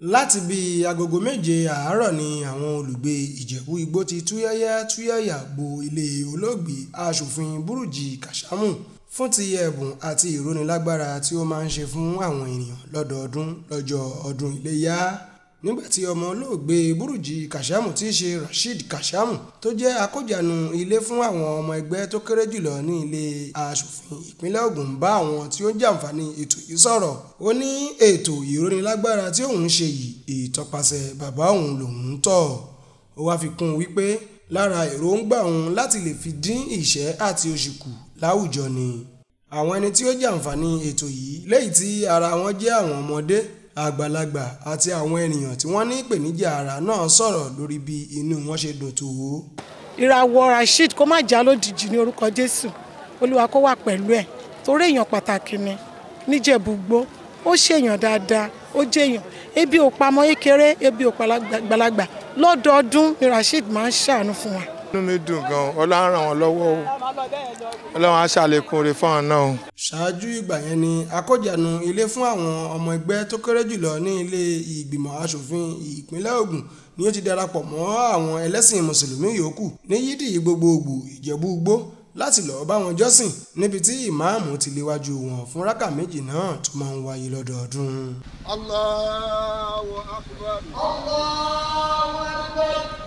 láti bí agogo méje àárọ̀ ni àwọn olùgbé ìjẹ̀bú igbó ti túyáyá túyáyà bo ilé olóògbé asòfin búrújì kàṣámù fún ti ẹ̀bùn àti ìrónilágbára tí ó máa ń ṣe fún àwọn ènìyàn lọ́dọọdún lọ́jọ́ ọdún iléyá nígbàtí ọmọ olóògbé burújí kashamu tí í ṣe rasheed kashamu tó jẹ́ akójànù ilé fún àwọn ọmọ ẹgbẹ́ tó kéré jùlọ ní ilé asòfin ìpínlẹ̀ Ògùn ń bá àwọn tí ó ń jàǹfààní ètò yìí sọ̀rọ̀ ó ní ètò ìrónilágbára tí òun ṣe yìí ìtọpasẹ̀ bàbá òun lòun tọ̀ ó wá fi kún un wípé lára èròǹgbà òun láti lè fi dín ìṣẹ́ àti oṣù kù láwùjọ ni àwọn ẹni tí ó jàǹfààní ètò yìí léyìí tí ara wọn jẹ́ àwọn ọmọdé àgbàlagbà àti àwọn ènìyàn tí wọ́n ní ìpèníjà ara náà sọ̀rọ̀ lórí bí inú wọn ṣe dùn tó o. ìràwọ̀ rasheed kó má já lójijì ní orúkọ jésù olúwa kó wà pẹ̀lú ẹ̀ torí èèyàn pàtàkì ni níjẹ̀bùgbó ó ṣèyàn dáadáa ó jẹyàn ebi ò ékeré ebi ò lọ́dọọdún ni rasheed máa ń ṣàánú fún wa inú mi dùn gan ọlọ́run ràn wọ́n lọ́wọ́ o ọlọ́run á ṣàlékún oore fáwọn náà o. ṣáájú ìgbà yẹn ni akójànú ilé fún àwọn ọmọ ẹgbẹ́ tó kéré jùlọ ní ilé ìgbìmọ̀ asòfin ìpínlẹ̀ Ògùn ni ó ti darapọ̀ mọ́ àwọn ẹlẹ́sìn mùsùlùmí yòókù ní yídì gbogbogbò Ìjẹ̀bú Igbó láti lọ́ọ́ bá wọn jọ́sìn níbi tí ìmáàmù ti léwájú wọn fún rákà méjì náà tó máa ń wáyé lọ́dọọdún. Allahu Akbar. Allahu Akbar.